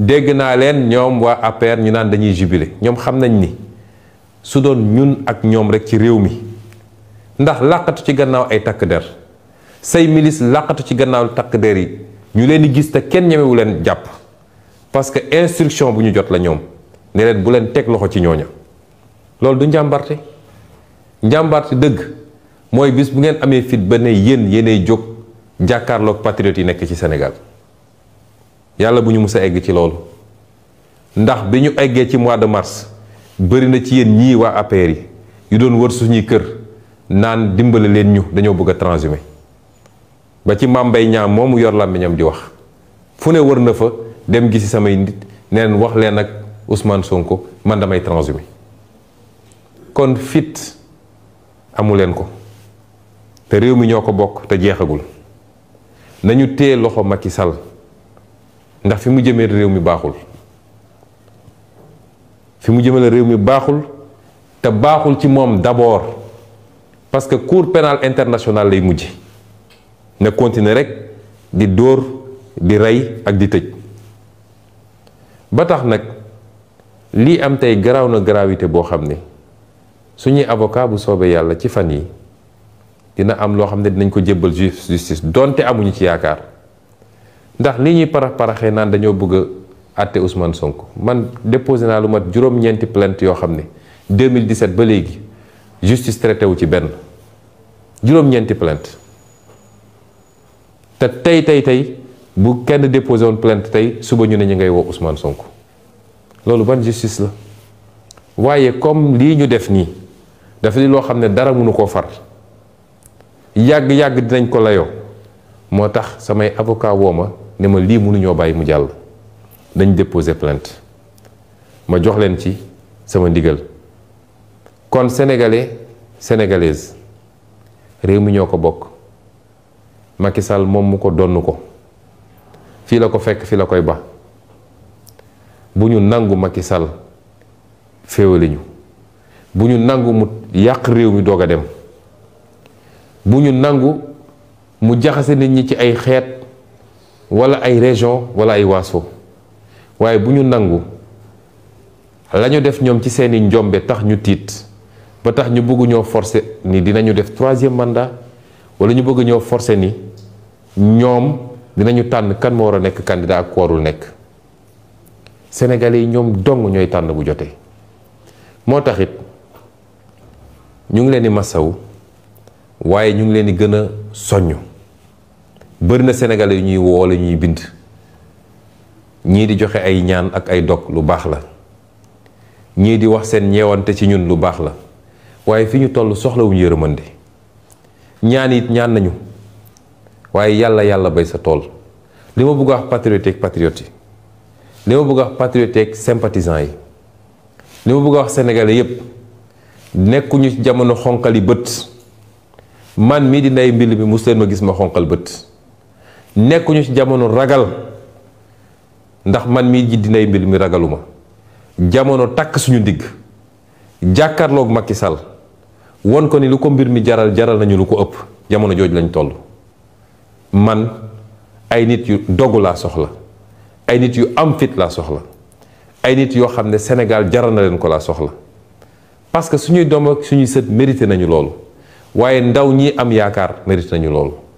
dégg naa leen ñoom waa APR ñu naan dañuy jubilé ñoom xam nañ ni su doon ñun ak ñoom rek ci réew mi ndax làqatu ci gannaaw ay takk der say milice làqatu ci gannaaw takk der yi ñu leen di gis te kenn ñemewu leen jàpp parce que instruction bu ñu jot la ñoom ne leen bu leen teg loxo ci ñooña loolu du njàmbarte njàmbarte dëgg mooy bis bu ngeen amee fit ba ne yéen yéenay jóg jàkkaarloog patriote yi nekk ci Sénégal yàlla bu ñu mus a egg ci loolu ndax bi ñu eggee ci mois de mars bëri na ci yéen ñii waa APR yi yu doon wër suñuy kër naan dimbale leen ñu dañoo bëgg a transhumé ba ci mambay ñaam moomu yor làmmiñam di wax fu ne wër na fa dem gisi samay nit neen wax leen ak Ousmane Sonko man damay transhumé kon fit amu leen ko te réew mi ñoo ko bokk te jeexagul nañu téye loxo Macky Sall ndax fi mu jëmee réew mi baaxul fi mu jëmale réew mi baaxul te baaxul ci moom d'abord parce que cour pénale international lay mujj na continuer rek di dóor di rey ak di tëj ba tax nag lii am tey garaaw na gravité boo xam ne suñuy avocat bu soobee yàlla ci fan yi dina am loo xam ne dinañ ko jébbal justice donte amuñu ci yaakaar ndax li ñuy parax paraxee naan dañoo bëgg a àtte Ousmane Sonko man déposé naa lu mat juróom-ñeenti plainte yoo xam ne 2017 ba léegi justice traité wu ci benn juróom-ñeenti plainte te tey tey tey bu kenn déposé woon plainte tey suba ñu ne ñu ngay woo Ousmane Sonko loolu ban justice la waaye comme lii ñu def nii dafa di loo xam ne dara mënu koo far yàgg-yàgg dinañ ko layoo moo tax samay avocat woo ma ne ma lii mënuñoo bàyyi mu jàll dañ déposer plant ma jox leen ci sama ndigal kon sénégalais sénégalaise réew mi ñoo ko bokk Macky Sall moom mu ko donn ko fii la ko fekk fii la koy ba bu ñu nangu Macky Sall féewale ñu bu ñu nangu mu yàq réew mi doog a dem bu ñu nangu mu jaxase nit ñi ci ay xeet wala ay région wala ay waaso waaye bu ñu nangu lañu def ñoom ci seeni njombe tax ñu tiit ba tax ñu bëgg ñoo forcer ni dinañu def troisième mandat wala ñu bëgg ñoo forcer ni ñoom dinañu tànn kan moo war a nekk kandida ak ku nekk sénégalais yi ñoom dong ñooy tànn bu jotee moo tax it ñu ngi leen di masaw waaye ñu ngi leen di gën a soññ bëri na Sénégalais yu ñuy woo la ñuy bind ñii di joxe ay ñaan ak ay dog lu baax la ñii di wax seen ñeewante ci ñun lu baax la waaye fi ñu toll soxlawuñu yërëmande ñaan it ñaan nañu waaye yàlla yàlla bay sa tool li ma bëgg a wax patriote ak patriote li ma bëgg a wax patriote ak sympathisant yi li ma bëgg a wax sénégalais yépp nekkuñu ci jamono xonqali bët man mii di ndey mbill mi mos leen ma gis ma xonqal bët nekkuñu ci jamono ragal ndax man mi ji dinay mbir mi ragaluma jamono takk suñu digg jàkkaarloog Macky Sall won ko ni lu ko mbir mi jaral jaral nañu lu ko ëpp jamono jooju lañ toll man ay nit yu dogu laa soxla ay nit yu am fit laa soxla ay nit yoo xam ne Sénégal jaral na leen ko laa soxla parce que suñuy doom ak suñuy sët mérité nañu loolu waaye ndaw ñi am yaakaar mérité nañu loolu